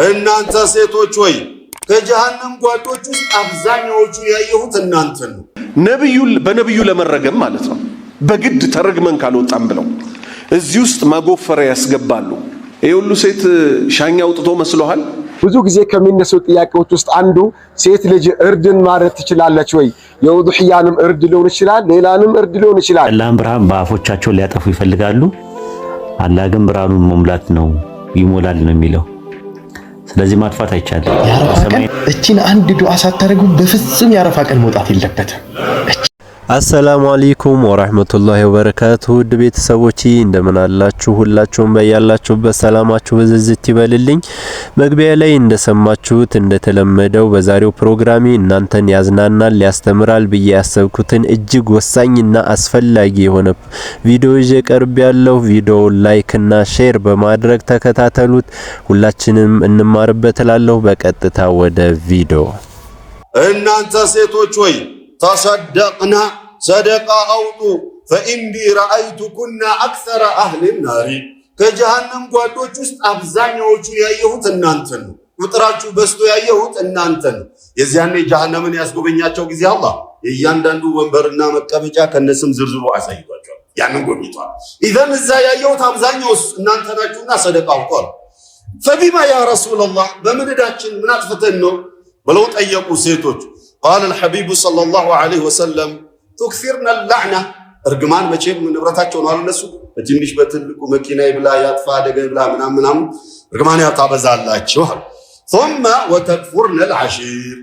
እናንተ ሴቶች ሆይ ከጀሃነም ጓዶች ውስጥ አብዛኛዎቹ ያየሁት እናንተ ነው። ነብዩን በነብዩ ለመረገም ማለት ነው። በግድ ተረግመን ካልወጣም ብለው እዚህ ውስጥ ማጎፈሪያ ያስገባሉ። ይህ ሁሉ ሴት ሻኛ አውጥቶ መስሎሃል? ብዙ ጊዜ ከሚነሱ ጥያቄዎች ውስጥ አንዱ ሴት ልጅ እርድን ማረት ትችላለች ወይ? የውዱሕያንም እርድ ሊሆን ይችላል፣ ሌላንም እርድ ሊሆን ይችላል። አላህን ብርሃን በአፎቻቸው ሊያጠፉ ይፈልጋሉ። አላህ ግን ብርሃኑን መሙላት ነው ይሞላል ነው የሚለው ስለዚህ ማጥፋት አይቻልም። ያረፋ ቀን እቺን አንድ ዱዓ ሳታደርጉ በፍጹም የአረፋ ቀን መውጣት የለበትም። አሰላሙ አለይኩም ወራህመቱላሂ ወበረካቱ ውድ ቤተሰቦች እንደምን አላችሁ? ሁላችሁም በያላችሁበት ሰላማችሁ ብዝዝት ይበልልኝ። መግቢያ ላይ እንደሰማችሁት እንደተለመደው በዛሬው ፕሮግራሚ እናንተን ያዝናናል፣ ሊያስተምራል ብዬ ያሰብኩትን እጅግ ወሳኝና አስፈላጊ የሆነ ቪዲዮ ይዤ ቀርብ ያለው ቪዲዮ ላይክና ሼር በማድረግ ተከታተሉት። ሁላችንም እንማርበት እላለሁ። በቀጥታ ወደ ቪዲዮ እናንተ ሴቶች ወይ ተሰደቅና ሰደቃ አውጡ ፈኢንዲ ረአይቱ ኩና አክሰረ አህሊን ናሪ። ከጀሃነም ጓዶች ውስጥ አብዛኛዎቹ ያየሁት እናንተ ነው። ቁጥራችሁ በዝቶ ያየሁት እናንተ ነው። የዚያኔ ጀሃነምን ያስጎበኛቸው ጊዜ አላህ የእያንዳንዱ ወንበርና መቀመጫ ከነስም ዝርዝሩ አሳይቷቸዋል። ያንን ጎብኝቷል። ኢዘን እዛ ያየሁት አብዛኛው እናንተ ናችሁና ሰደቃ አውጧል። ፈቢማ ያ ረሱለላህ በምን ዕዳችን ምን አጥፍተን ነው ብለው ጠየቁ ሴቶች። ቃለ አልሐቢቡ ሰለላሁ ዐለይሂ ወሰለም ቱክሲርና ላዕና እርግማን መቼም ንብረታቸው ነው አሉ እነሱ። በትንሽ በትልቁ መኪና ይብላ ያጥፋ አደገ ይብላ ምናምን ምናምን እርግማን ያታበዛላችሁ አሉ። ثم ወተክፉርነ ልዓሺር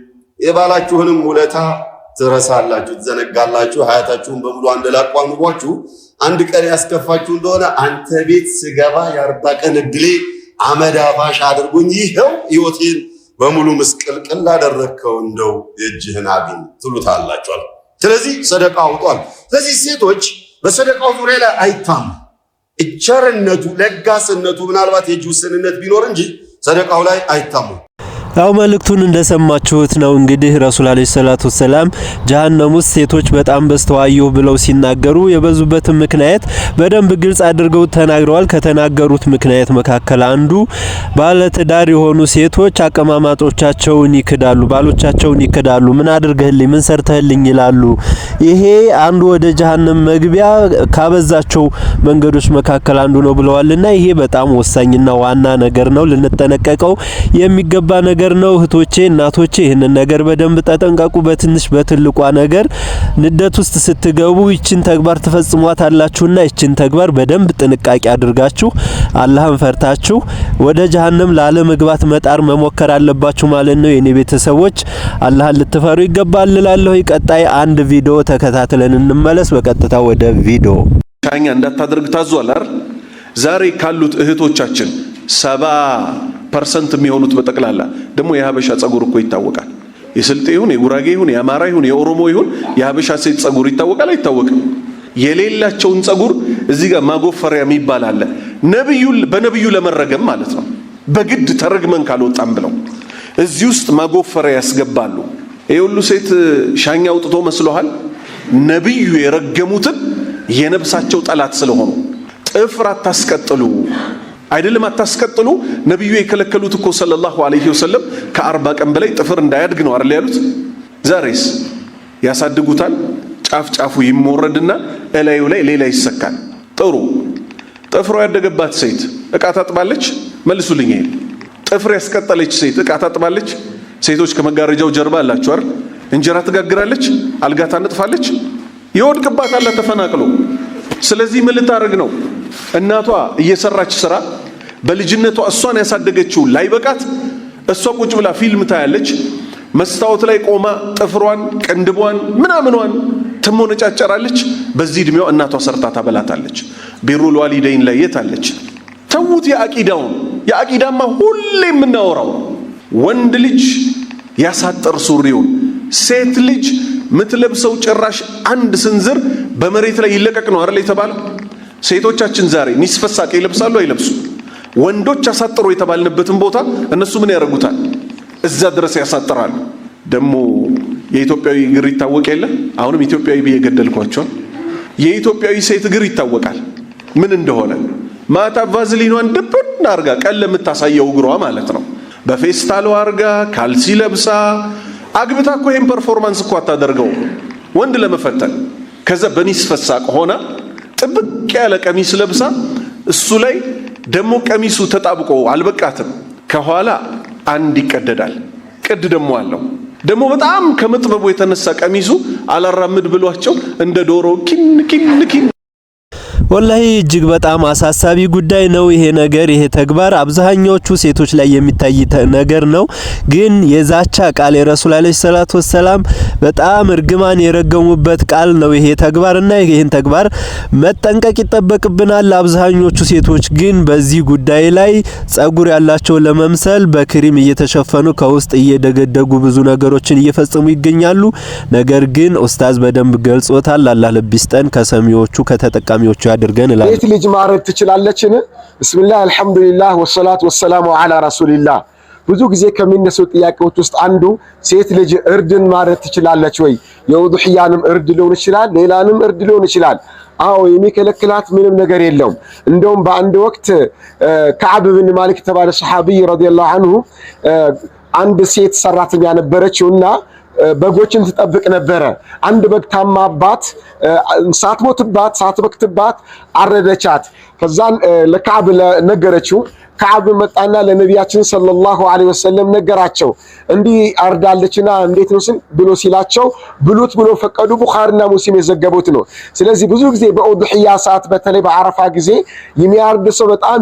የባላችሁንም ውለታ ትረሳላችሁ፣ ትዘነጋላችሁ። ሀያታችሁን በሙሉ አንድ ላቋ አንድ ቀን ያስከፋችሁ እንደሆነ አንተ ቤት ስገባ የአርባ ቀን እድሌ አመድ አፋሽ አድርጎኝ ይኸው ሕይወቴን በሙሉ ምስቅልቅል ላደረግከው እንደው የእጅህን አግኝ ትሉታላችኋል። ስለዚህ ሰደቃ አውጧል። ስለዚህ ሴቶች በሰደቃው ዙሪያ ላይ አይታም እቸርነቱ ለጋስነቱ ምናልባት የእጅ ውስንነት ቢኖር እንጂ ሰደቃው ላይ አይታሙም። ያው መልእክቱን እንደሰማችሁት ነው እንግዲህ ረሱል አለይሂ ሰላቱ ሰላም ጀሀነም ውስጥ ሴቶች በጣም በስተዋዩ ብለው ሲናገሩ የበዙበትን ምክንያት በደንብ ግልጽ አድርገው ተናግረዋል። ከተናገሩት ምክንያት መካከል አንዱ ባለትዳር የሆኑ ሴቶች አቀማማጦቻቸውን ይክዳሉ፣ ባሎቻቸውን ይክዳሉ። ምን አድርገህልኝ፣ ምን ሰርተህልኝ ይላሉ። ይሄ አንዱ ወደ ጀሀነም መግቢያ ካበዛቸው መንገዶች መካከል አንዱ ነው ብለዋልና ይሄ በጣም ወሳኝና ዋና ነገር ነው ልንጠነቀቀው የሚገባ ነገር ነገር ነው። እህቶቼ እናቶቼ ይህንን ነገር በደንብ ተጠንቀቁ። በትንሽ በትልቋ ነገር ንደት ውስጥ ስትገቡ ይችን ተግባር አላችሁና ይችን ተግባር በደንብ ጥንቃቄ አድርጋችሁ አላህን ፈርታችሁ ወደ ጀሀነም ላለመግባት መጣር መሞከር አለባችሁ ማለት ነው። የኔ ቤተሰቦች አላህን ልትፈሩ ይገባል እላለሁ። ቀጣይ አንድ ቪዲዮ ተከታትለን እንመለስ። በቀጥታ ወደ ቪዲዮ ሻኛ እንዳታደርግ ታዟል። ዛሬ ካሉት እህቶቻችን ሰባ ፐርሰንት የሚሆኑት በጠቅላላ ደግሞ የሀበሻ ጸጉር እኮ ይታወቃል። የስልጤ ይሁን የጉራጌ ይሁን የአማራ ይሁን የኦሮሞ ይሁን የሀበሻ ሴት ጸጉር ይታወቃል አይታወቅም? የሌላቸውን ጸጉር እዚህ ጋር ማጎፈሪያ የሚባል አለ። ነብዩ በነብዩ ለመረገም ማለት ነው። በግድ ተረግመን ካልወጣም ብለው እዚህ ውስጥ ማጎፈሪያ ያስገባሉ። ይህ ሁሉ ሴት ሻኛ አውጥቶ መስሎሃል? ነብዩ የረገሙትን የነብሳቸው ጠላት ስለሆኑ ጥፍር አታስቀጥሉ አይደለም አታስቀጥሉ። ነቢዩ የከለከሉት እኮ ሰለላሁ ዐለይሂ ወሰለም ከአርባ ቀን በላይ ጥፍር እንዳያድግ ነው አይደል ያሉት። ዛሬስ ያሳድጉታል። ጫፍ ጫፉ ይሞረድና እላዩ ላይ ሌላ ይሰካል። ጥሩ ጥፍሯ ያደገባት ሴት እቃ ታጥባለች? መልሱልኝ። ይል ጥፍር ያስቀጠለች ሴት እቃ ታጥባለች? ሴቶች ከመጋረጃው ጀርባ አላችሁ አይደል? እንጀራ ትጋግራለች፣ አልጋ ታነጥፋለች፣ ይወድቅባታል ተፈናቅሎ። ስለዚህ ምን ልታደርግ ነው? እናቷ እየሰራች ስራ በልጅነቷ እሷን ያሳደገችው ላይ በቃት እሷ ቁጭ ብላ ፊልም ታያለች። መስታወት ላይ ቆማ ጥፍሯን፣ ቅንድቧን፣ ምናምኗን ትሞነጫጨራለች። በዚህ እድሜዋ እናቷ ሰርታ ታበላታለች። ቢሩል ዋሊደይን ላይ የት አለች? ተዉት። የአቂዳውን የአቂዳማ ሁሌ የምናወራው ወንድ ልጅ ያሳጠር ሱሪውን፣ ሴት ልጅ ምትለብሰው ጭራሽ አንድ ስንዝር በመሬት ላይ ይለቀቅ ነው አይደል የተባለ? ሴቶቻችን ዛሬ ኒስፈሳቅ ይለብሳሉ አይለብሱም? ወንዶች አሳጥሮ የተባልንበትን ቦታ እነሱ ምን ያደርጉታል? እዛ ድረስ ያሳጥራሉ። ደግሞ የኢትዮጵያዊ እግር ይታወቅ የለ አሁንም ኢትዮጵያዊ ብዬ ገደልኳቸዋል። የኢትዮጵያዊ ሴት እግር ይታወቃል ምን እንደሆነ ማታ ቫዝሊኗን ድብን አርጋ ቀን ለምታሳየው እግሯ ማለት ነው። በፌስታሎ አርጋ ካልሲ ለብሳ አግብታ እኮ ይህን ፐርፎርማንስ እኮ አታደርገው ወንድ ለመፈተን። ከዛ ፈሳቅ ሆና ጥብቅ ያለ ቀሚስ ለብሳ እሱ ላይ ደግሞ ቀሚሱ ተጣብቆ አልበቃትም። ከኋላ አንድ ይቀደዳል። ቅድ ደግሞ አለው። ደግሞ በጣም ከመጥበቡ የተነሳ ቀሚሱ አላራምድ ብሏቸው እንደ ዶሮ ኪን ኪን ኪን ወላሂ እጅግ በጣም አሳሳቢ ጉዳይ ነው ይሄ ነገር። ይሄ ተግባር አብዛኛዎቹ ሴቶች ላይ የሚታይ ነገር ነው። ግን የዛቻ ቃል የረሱል አለይሂ ሰላቱ ወሰላም በጣም እርግማን የረገሙበት ቃል ነው ይሄ ተግባርና ይህን ተግባር መጠንቀቅ ይጠበቅብናል። አብዛኞቹ ሴቶች ግን በዚህ ጉዳይ ላይ ጸጉር ያላቸው ለመምሰል በክሪም እየተሸፈኑ ከውስጥ እየደገደጉ ብዙ ነገሮችን እየፈጸሙ ይገኛሉ። ነገር ግን ኡስታዝ በደንብ ገልጾታል። አላህ ልብ ይስጠን ከሰሚዎቹ ከተጠቃሚዎቹ አድርገን እላለሁ። ቤት ልጅ ማረድ ትችላለችን? ብስሚላህ አልሐምዱሊላህ ወሰላቱ ወሰላሙ አላ ረሱሊላህ። ብዙ ጊዜ ከሚነሱ ጥያቄዎች ውስጥ አንዱ ሴት ልጅ እርድን ማረድ ትችላለች ወይ? የውዱሕያንም እርድ ሊሆን ይችላል፣ ሌላንም እርድ ሊሆን ይችላል። አዎ የሚከለክላት ምንም ነገር የለውም። እንደውም በአንድ ወቅት ከዓብ ብን ማሊክ የተባለ ሰሓቢይ ረዲየላሁ አንሁ አንድ ሴት ሰራተኛ ነበረችውና በጎችን ትጠብቅ ነበረ። አንድ በግ ታማባት፣ ሳትሞትባት ሳትበክትባት አረደቻት። ከዛን ለካብ ነገረችው። ከአብ መጣና ለነቢያችን ሰለላሁ ዐለይሂ ወሰለም ነገራቸው። እንዲህ አርዳለችና እንዴት ነው ብሎ ሲላቸው ብሉት ብሎ ፈቀዱ። ቡኻሪና ሙስሊም የዘገቡት ነው። ስለዚህ ብዙ ጊዜ በኡድሕያ ሰዓት በተለይ በአረፋ ጊዜ የሚያርድ ሰው በጣም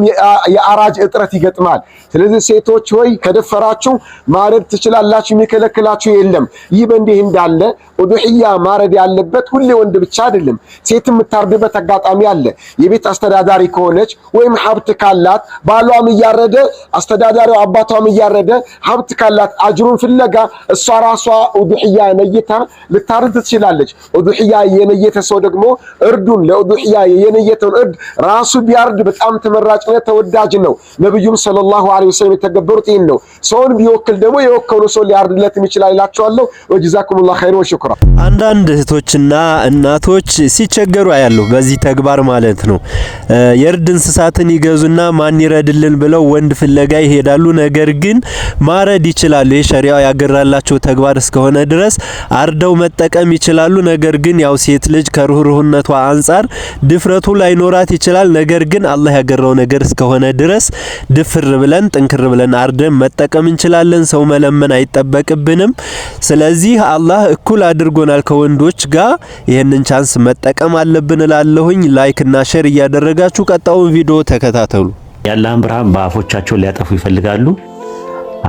የአራጅ እጥረት ይገጥማል። ስለዚህ ሴቶች ሆይ ከደፈራችሁ ማረድ ትችላላችሁ፣ የሚከለክላችሁ የለም። ይህ በእንዲህ እንዳለ ኡድሕያ ማረድ ያለበት ሁሌ ወንድ ብቻ አይደለም፣ ሴት የምታርድበት አጋጣሚ አለ። የቤት አስተዳዳሪ ከሆነች ወይም ሀብት ካላት ባሏ አባቷም እያረደ አስተዳዳሪው አባቷም እያረደ ሀብት ካላት አጅሩን ፍለጋ እሷ ራሷ ኡዱሕያ ነይታ ልታርድ ትችላለች። ኡዱሕያ የነየተ ሰው ደግሞ እርዱን ለኡዱሕያ የነየተውን እርድ ራሱ ቢያርድ በጣም ተመራጭነት ተወዳጅ ነው። ነቢዩም ሰለላሁ ዐለይሂ ወሰለም የተገበሩት ይህን ነው። ሰውን ቢወክል ደግሞ የወከሉ ሰው ሊያርድለትም ይችላል ይላቸዋለሁ። ወጀዛኩሙላሁ ኸይር ወሽኩራ። አንዳንድ እህቶችና እናቶች ሲቸገሩ አያለሁ በዚህ ተግባር ማለት ነው። የእርድ እንስሳትን ይገዙና ማን ይረድልን ብለው ወንድ ፍለጋ ይሄዳሉ። ነገር ግን ማረድ ይችላሉ። የሸሪያው ያገራላቸው ተግባር እስከሆነ ድረስ አርደው መጠቀም ይችላሉ። ነገር ግን ያው ሴት ልጅ ከሩህሩህነቷ አንጻር ድፍረቱ ላይኖራት ይችላል። ነገር ግን አላህ ያገራው ነገር እስከሆነ ድረስ ድፍር ብለን ጥንክር ብለን አርደን መጠቀም እንችላለን። ሰው መለመን አይጠበቅብንም። ስለዚህ አላህ እኩል አድርጎናል ከወንዶች ጋር ይህንን ቻንስ መጠቀም አለብን እላለሁኝ። ላይክ እና ሼር እያደረጋችሁ ቀጣው ቪዲዮ ተከታተሉ። የአላህን ብርሃን በአፎቻቸው ሊያጠፉ ይፈልጋሉ።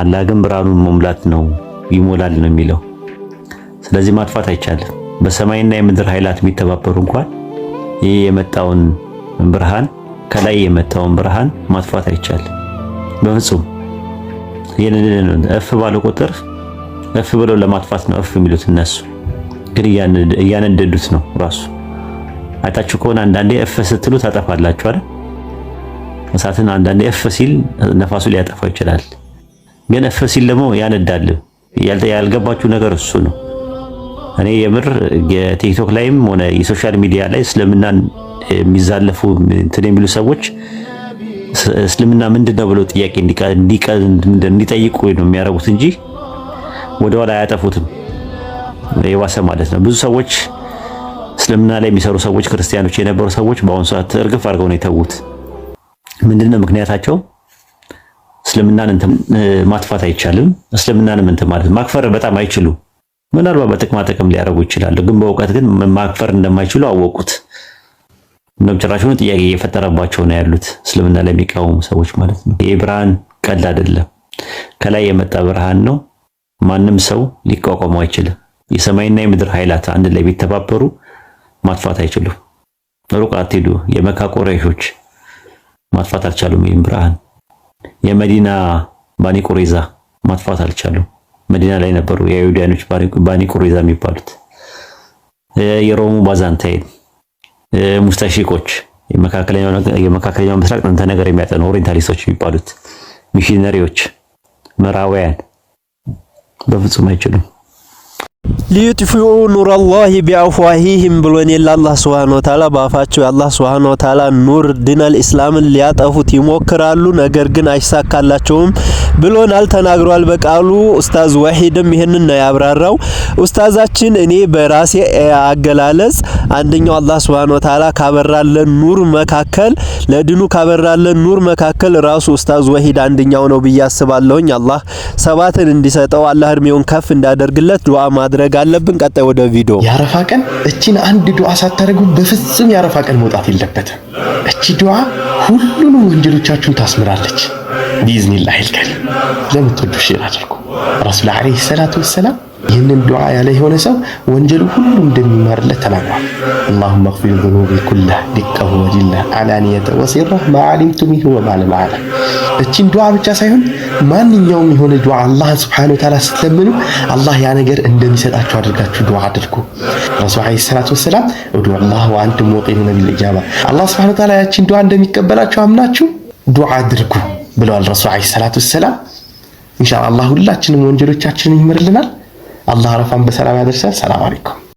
አላህ ግን ብርሃኑን መሙላት ነው ይሞላል ነው የሚለው። ስለዚህ ማጥፋት አይቻልም። በሰማይና የምድር ኃይላት ቢተባበሩ እንኳን ይህ የመጣውን ብርሃን ከላይ የመጣውን ብርሃን ማጥፋት አይቻልም በፍጹም። ይህንን እፍ ባለ ቁጥር እፍ ብለው ለማጥፋት ነው እፍ የሚሉት እነሱ ግን እያነደዱት ነው ራሱ። አይታችሁ ከሆነ አንዳንዴ እፍ ስትሉ ታጠፋላችሁ አይደል? እሳትን አንዳንድ እፍ ሲል ነፋሱ ሊያጠፋው ይችላል። ግን እፍ ሲል ደግሞ ያነዳል። ያልገባችሁ ነገር እሱ ነው። እኔ የምር የቲክቶክ ላይም ሆነ የሶሻል ሚዲያ ላይ እስልምና የሚዛለፉ እንትን የሚሉ ሰዎች እስልምና ምንድን ነው ብለው ጥያቄ እንዲጠይቁ ነው የሚያደርጉት እንጂ ወደኋላ አያጠፉትም። የባሰ ማለት ነው። ብዙ ሰዎች እስልምና ላይ የሚሰሩ ሰዎች ክርስቲያኖች የነበሩ ሰዎች በአሁኑ ሰዓት እርግፍ አድርገው ነው የተዉት። ምንድን ነው ምክንያታቸው? እስልምናን እንትን ማጥፋት አይቻልም። እስልምናንም እንትን ማለት ማክፈር በጣም አይችሉ። ምናልባት በጥቅማ ጥቅም ሊያደርጉ ይችላሉ፣ ግን በእውቀት ግን ማክፈር እንደማይችሉ አወቁት። እንደውም ጭራሹን ጥያቄ እየፈጠረባቸው ነው ያሉት እስልምና ለሚቃወሙ ሰዎች ማለት ነው። ይህ ብርሃን ቀልድ አይደለም፣ ከላይ የመጣ ብርሃን ነው። ማንም ሰው ሊቋቋሙ አይችልም። የሰማይና የምድር ኃይላት አንድ ላይ ቢተባበሩ ማጥፋት አይችሉም። ሩቅ አትሄዱ የመካ ቁረይሾች ማጥፋት አልቻሉም። ይህም ብርሃን የመዲና ባኒ ቁሬዛ ማጥፋት አልቻሉም። መዲና ላይ ነበሩ የአይሁዳኖች ባኒ ቁሬዛ የሚባሉት የሮሙ ባዛንታይን ሙስታሺቆች የመካከለኛው ምስራቅ ጥንተ ነገር የሚያጠኑ ኦሪንታሊስቶች የሚባሉት ሚሽነሪዎች ምዕራባውያን በፍጹም አይችሉም። ሊዩጥፊኡ አላህ ቢአፍዋሂህም ብሎን የለ አላህ ስብሃነ ወተዓላ በአፋቸው የአላህ ስብሃነ ወተዓላ ኑር ዲነል ኢስላምን ሊያጠፉት ይሞክራሉ፣ ነገር ግን አይሳካላቸውም ብሎናል ተናግሯል በቃሉ ኡስታዝ ወሒድም ይህንን ነው ያብራራው። ኡስታዛችን እኔ በራሴ አገላለጽ አንደኛው አላህ ስብሃነ ወተዓላ ካበራለን ኑር መካከል ለድኑ ካበራለን ኑር መካከል ራሱ ኡስታዝ ወሒድ አንደኛው ነው ብዬ አስባለሁኝ። አላህ ሰባትን እንዲሰጠው አላህ እድሜውን ከፍ እንዳደርግለት ዱዓ ማድረግ አለብን። ቀጣይ ወደ ቪዲዮ። ያረፋ ቀን እቺን አንድ ዱዓ ሳታደርጉ በፍጹም ያረፋ ቀን መውጣት የለበትም። እቺ ዱዓ ሁሉንም ወንጀሎቻችሁን ታስምራለች። ቢዝኒላህ ይልከል ለምትወዱ ሼር አድርጉ። ረሱል ዓለይሂ ሰላቱ ወሰላም ይህንን ዱዓ ያለ የሆነ ሰው ወንጀሉ ሁሉ እንደሚማርለት ተናግሯል። አላሁመ ግፊር ዙኑቢ ኩላ ዲቀሁ ወጅላ አላንየተ ወሲራ ማዓሊምቱ ሚንሁ ወማለም አለም። እቺን ዱዓ ብቻ ሳይሆን ማንኛውም የሆነ ዱዓ አላህን ስብሓነ ወተዓላ ስትለምኑ አላህ ያ ነገር እንደሚሰጣችሁ አድርጋችሁ ዱዓ አድርጉ። ረሱል ዓለይሂ ሰላቱ ወሰላም እዱ ወአንቱም ሙቂኑነ ቢልኢጃባ አላህ ስብሓነ ወተዓላ ያቺን ዱዓ እንደሚቀበላችሁ አምናችሁ ዱዓ አድርጉ ብለዋል ረሱል ዓለይሂ ሰላቱ ወሰላም። ኢንሻአላህ ሁላችንም ወንጀሎቻችንን ይምርልናል። አላህ አረፋን በሰላም ያደርሳል። ሰላም አለይኩም።